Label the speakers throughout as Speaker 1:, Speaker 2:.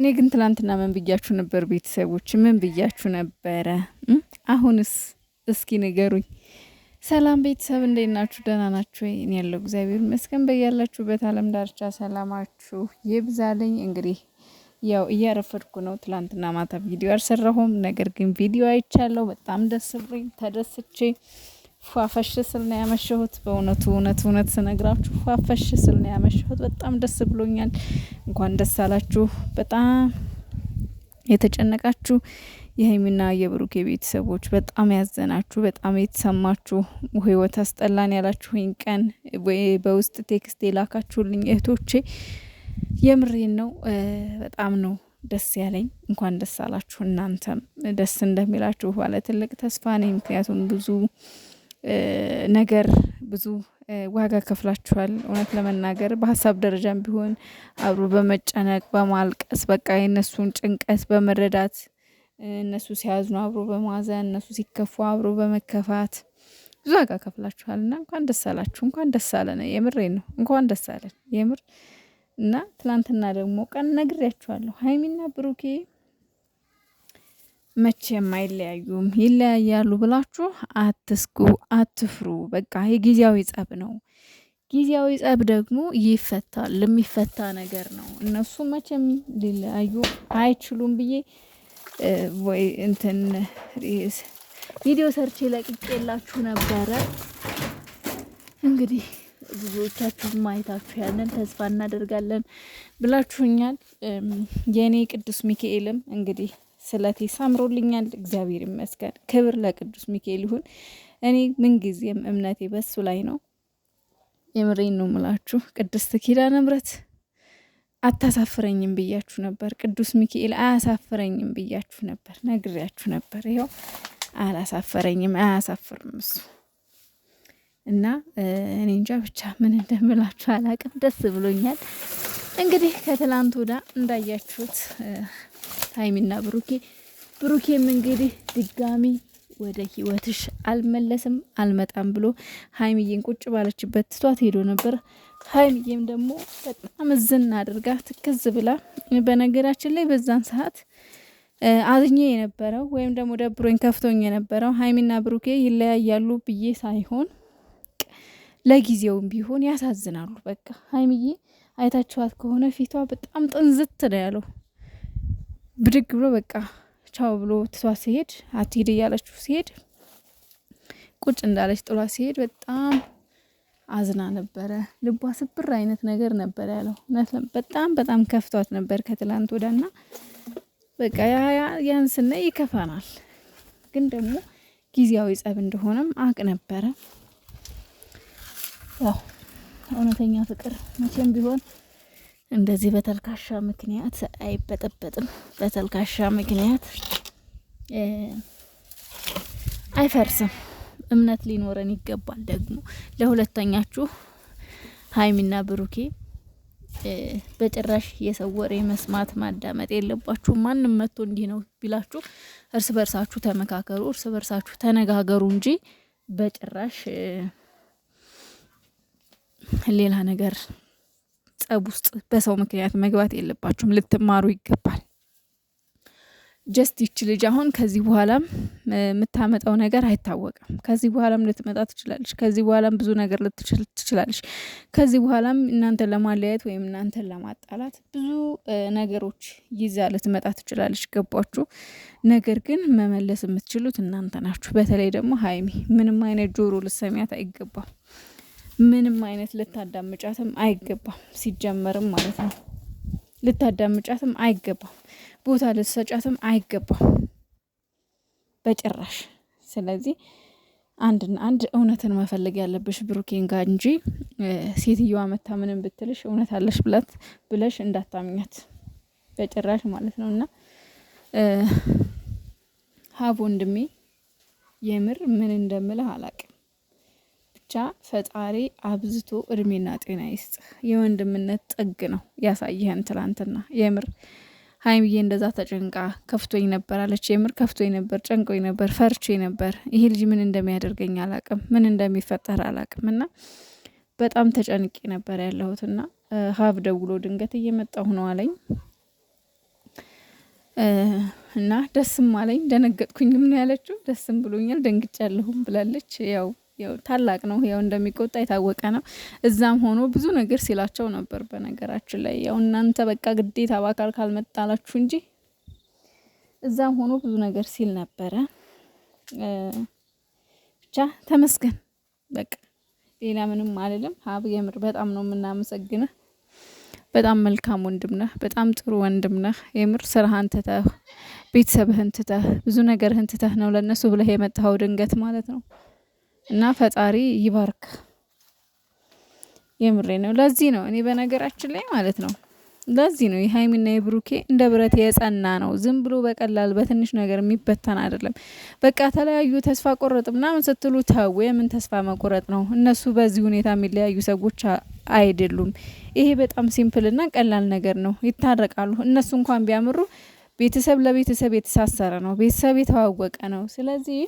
Speaker 1: እኔ ግን ትላንትና ምን ብያችሁ ነበር? ቤተሰቦች ምን ብያችሁ ነበረ? አሁንስ እስኪ ንገሩኝ። ሰላም ቤተሰብ እንዴት ናችሁ? ደህና ናችሁ እኔ ያለው እግዚአብሔር ይመስገን። በያላችሁበት ዓለም ዳርቻ ሰላማችሁ ይብዛልኝ። እንግዲህ ያው እያረፈድኩ ነው። ትላንትና ማታ ቪዲዮ አልሰራሁም፣ ነገር ግን ቪዲዮ አይቻለሁ። በጣም ደስ ብሎኝ ተደስቼ ፏፈሽ ስል ነው ያመሸሁት። በእውነቱ እውነት እውነት ስነግራችሁ ፏፈሽ ስል ነው ያመሸሁት። በጣም ደስ ብሎኛል። እንኳን ደስ አላችሁ። በጣም የተጨነቃችሁ የሀይሚና የብሩኬ ቤተሰቦች በጣም ያዘናችሁ፣ በጣም የተሰማችሁ፣ ህይወት አስጠላን ያላችሁኝ ቀን በውስጥ ቴክስት የላካችሁልኝ እህቶቼ የምሬን ነው። በጣም ነው ደስ ያለኝ። እንኳን ደስ አላችሁ። እናንተም ደስ እንደሚላችሁ ባለ ትልቅ ተስፋ ነኝ። ምክንያቱም ብዙ ነገር ብዙ ዋጋ ከፍላችኋል። እውነት ለመናገር በሀሳብ ደረጃም ቢሆን አብሮ በመጨነቅ በማልቀስ በቃ የእነሱን ጭንቀት በመረዳት እነሱ ሲያዝኑ አብሮ በማዘን እነሱ ሲከፉ አብሮ በመከፋት ብዙ ዋጋ ከፍላችኋል እና እንኳን ደስ አላችሁ፣ እንኳን ደስ አለን። የምሬን ነው፣ እንኳን ደስ አለን የምር እና ትላንትና ደግሞ ቀን ነግሬያችኋለሁ ሀይሚና ብሩኬ መቼም አይለያዩም። ይለያያሉ ብላችሁ አትስጉ፣ አትፍሩ። በቃ የጊዜያዊ ጸብ ነው። ጊዜያዊ ጸብ ደግሞ ይፈታል፣ የሚፈታ ነገር ነው። እነሱ መቼም ሊለያዩ አይችሉም ብዬ ወይ እንትን ቪዲዮ ሰርቼ ለቅቄላችሁ ነበረ። እንግዲህ ብዙዎቻችሁ ማየታችሁ ያለን ተስፋ እናደርጋለን ብላችሁኛል። የእኔ ቅዱስ ሚካኤልም እንግዲህ ስለቴ ሳምሮልኛል። እግዚአብሔር ይመስገን። ክብር ለቅዱስ ሚካኤል ይሁን። እኔ ምንጊዜም እምነቴ በሱ ላይ ነው። የምሬን ነው ምላችሁ። ቅድስት ኪዳነ ምሕረት አታሳፍረኝም ብያችሁ ነበር። ቅዱስ ሚካኤል አያሳፍረኝም ብያችሁ ነበር፣ ነግሬያችሁ ነበር። ይኸው አላሳፈረኝም፣ አያሳፍርም እሱ እና እኔ እንጃ ብቻ ምን እንደምላችሁ አላቅም። ደስ ብሎኛል። እንግዲህ ከትላንት ወዳ እንዳያችሁት ሀይሚና ብሩኬ ብሩኬም እንግዲህ ድጋሚ ወደ ህይወትሽ አልመለስም አልመጣም ብሎ ሀይሚዬን ቁጭ ባለችበት ትቷት ሄዶ ነበር። ሀይሚዬም ደግሞ በጣም እዝን አድርጋ ትክዝ ብላ፣ በነገራችን ላይ በዛን ሰዓት አዝኜ የነበረው ወይም ደግሞ ደብሮኝ ከፍቶኝ የነበረው ሀይሚና ብሩኬ ይለያያሉ ብዬ ሳይሆን ለጊዜውም ቢሆን ያሳዝናሉ። በቃ ሀይሚዬ አይታችኋት ከሆነ ፊቷ በጣም ጥንዝት ነው ያለው። ብድግ ብሎ በቃ ቻው ብሎ ትቷ ሲሄድ አትሄድ እያለችው ሲሄድ ቁጭ እንዳለች ጥሏ ሲሄድ በጣም አዝና ነበረ። ልቧ ስብር አይነት ነገር ነበር ያለው። በጣም በጣም ከፍቷት ነበር ከትላንት ወዳና በቃ ያን ስናይ ይከፋናል፣ ግን ደግሞ ጊዜያዊ ጸብ እንደሆነም አቅ ነበረ። ያው እውነተኛ ፍቅር መቼም ቢሆን እንደዚህ በተልካሻ ምክንያት አይበጠበጥም። በተልካሻ ምክንያት አይፈርስም። እምነት ሊኖረን ይገባል። ደግሞ ለሁለተኛችሁ ሀይሚና ብሩኬ በጭራሽ የሰው ወሬ መስማት ማዳመጥ የለባችሁ። ማንም መጥቶ እንዲህ ነው ቢላችሁ እርስ በርሳችሁ ተመካከሩ፣ እርስ በርሳችሁ ተነጋገሩ እንጂ በጭራሽ ሌላ ነገር ጠብ ውስጥ በሰው ምክንያት መግባት የለባችሁም፣ ልትማሩ ይገባል። ጀስት ይች ልጅ አሁን ከዚህ በኋላም የምታመጣው ነገር አይታወቅም። ከዚህ በኋላም ልትመጣ ትችላለች። ከዚህ በኋላም ብዙ ነገር ልትችል ትችላለች። ከዚህ በኋላም እናንተን ለማለያየት ወይም እናንተን ለማጣላት ብዙ ነገሮች ይዛ ልትመጣ ትችላለች። ገባችሁ? ነገር ግን መመለስ የምትችሉት እናንተ ናችሁ። በተለይ ደግሞ ሀይሚ ምንም አይነት ጆሮ ልሰሚያት አይገባም። ምንም አይነት ልታዳምጫትም አይገባም ሲጀመርም ማለት ነው። ልታዳምጫትም አይገባም፣ ቦታ ልትሰጫትም አይገባም በጭራሽ። ስለዚህ አንድና አንድ እውነትን መፈለግ ያለብሽ ብሩኬን ጋር እንጂ ሴትዮዋ መታ ምንም ብትልሽ እውነት አለሽ ብላት ብለሽ እንዳታምኛት በጭራሽ ማለት ነው። እና ሀብ ወንድሜ የምር ምን እንደምልህ አላቅም። ብቻ ፈጣሪ አብዝቶ እድሜና ጤና ይስጥህ። የወንድምነት ጥግ ነው ያሳየህን። ትላንትና የምር ሀይምዬ እንደዛ ተጨንቃ ከፍቶኝ ነበር አለች። የምር ከፍቶኝ ነበር፣ ጨንቆኝ ነበር፣ ፈርቼ ነበር። ይሄ ልጅ ምን እንደሚያደርገኝ አላቅም፣ ምን እንደሚፈጠር አላቅም እና በጣም ተጨንቄ ነበር ያለሁት እና ሀብ ደውሎ ድንገት እየመጣሁ ነው አለኝ እና ደስም አለኝ ደነገጥኩኝም ነው ያለችው። ደስም ብሎኛል ያለሁም ብላለች ያው ያው ታላቅ ነው፣ ያው እንደሚቆጣ የታወቀ ነው። እዛም ሆኖ ብዙ ነገር ሲላቸው ነበር። በነገራችን ላይ ያው እናንተ በቃ ግዴታ በአካል ካልመጣላችሁ እንጂ እዛም ሆኖ ብዙ ነገር ሲል ነበረ። ብቻ ተመስገን በቃ ሌላ ምንም አልልም። ሀብ የምር በጣም ነው የምናመሰግንህ። በጣም መልካም ወንድም ነህ። በጣም ጥሩ ወንድም ነህ። የምር ስራህን ትተህ ቤተሰብህን ትተህ ብዙ ነገርህን ትተህ ነው ለእነሱ ብለህ የመጣኸው ድንገት ማለት ነው። እና ፈጣሪ ይባርክ። የምሬ ነው። ለዚህ ነው እኔ በነገራችን ላይ ማለት ነው ለዚህ ነው የሀይሚና የብሩኬ እንደ ብረት የጸና ነው። ዝም ብሎ በቀላል በትንሽ ነገር የሚበተን አይደለም። በቃ ተለያዩ ተስፋ ቆረጥ ምናምን ስትሉ ተው፣ የምን ተስፋ መቁረጥ ነው? እነሱ በዚህ ሁኔታ የሚለያዩ ሰዎች አይደሉም። ይሄ በጣም ሲምፕልና ቀላል ነገር ነው። ይታረቃሉ። እነሱ እንኳን ቢያምሩ ቤተሰብ ለቤተሰብ የተሳሰረ ነው። ቤተሰብ የተዋወቀ ነው። ስለዚህ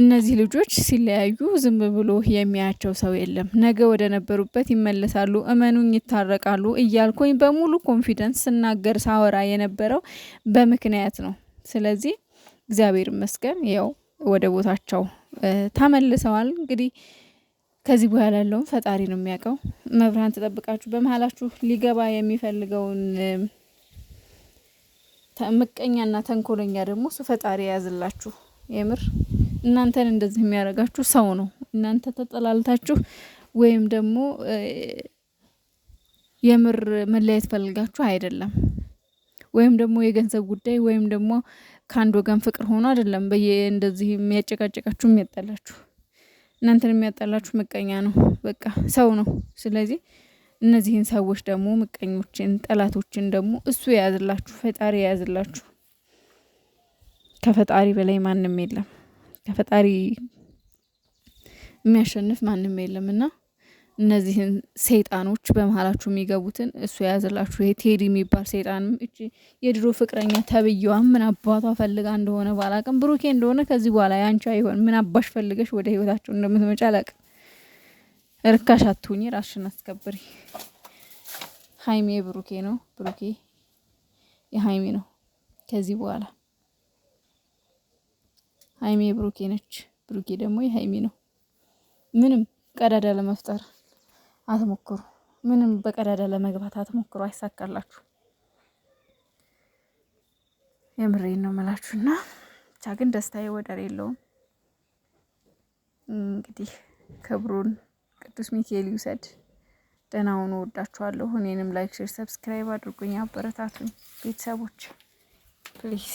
Speaker 1: እነዚህ ልጆች ሲለያዩ ዝም ብሎ የሚያያቸው ሰው የለም። ነገ ወደ ነበሩበት ይመለሳሉ፣ እመኑኝ፣ ይታረቃሉ እያልኩኝ በሙሉ ኮንፊደንስ ስናገር ሳወራ የነበረው በምክንያት ነው። ስለዚህ እግዚአብሔር ይመስገን ያው ወደ ቦታቸው ተመልሰዋል። እንግዲህ ከዚህ በኋላ ያለውን ፈጣሪ ነው የሚያውቀው። መብርሃን ተጠብቃችሁ በመሀላችሁ ሊገባ የሚፈልገውን ምቀኛና ተንኮለኛ ደግሞ እሱ ፈጣሪ የያዝላችሁ የምር እናንተን እንደዚህ የሚያደርጋችሁ ሰው ነው። እናንተ ተጠላልታችሁ ወይም ደግሞ የምር መለያየት ፈልጋችሁ አይደለም። ወይም ደግሞ የገንዘብ ጉዳይ ወይም ደግሞ ከአንድ ወገን ፍቅር ሆኖ አይደለም። በየ እንደዚህ የሚያጨቃጨቃችሁ የሚያጠላችሁ እናንተን የሚያጠላችሁ ምቀኛ ነው። በቃ ሰው ነው። ስለዚህ እነዚህን ሰዎች ደግሞ ምቀኞችን፣ ጠላቶችን ደግሞ እሱ የያዝላችሁ፣ ፈጣሪ የያዝላችሁ። ከፈጣሪ በላይ ማንም የለም። ከፈጣሪ የሚያሸንፍ ማንም የለም የለምና እነዚህን ሰይጣኖች በመሀላችሁ የሚገቡትን እሱ የያዝላችሁ። ይሄ ቴዲ የሚባል ሰይጣንም እቺ የድሮ ፍቅረኛ ተብዬዋ ምን አባቷ ፈልጋ እንደሆነ ባላቅም ብሩኬ እንደሆነ ከዚህ በኋላ ያንቺ አይሆን። ምን አባሽ ፈልገሽ ወደ ህይወታቸው እንደምትመጪ አላቅም። ርካሽ አትሁኝ፣ ራስሽን አስከብሪ። ሀይሜ ብሩኬ ነው፣ ብሩኬ የሀይሜ ነው ከዚህ በኋላ ሀይሜ ብሩኬ ነች፣ ብሩኬ ደግሞ የሀይሜ ነው። ምንም ቀዳዳ ለመፍጠር አትሞክሩ። ምንም በቀዳዳ ለመግባት አትሞክሩ። አይሳካላችሁ። የምሬን ነው እና ብቻ ግን ደስታዬ ወደር የለውም። እንግዲህ ክብሩን ቅዱስ ሚካኤል ይውሰድ። ደህና ሁኑ። ወዳችኋለሁ። እኔንም ላይክ፣ ሼር፣ ሰብስክራይብ አድርጉኝ። አበረታቱኝ ቤተሰቦች ፕሊስ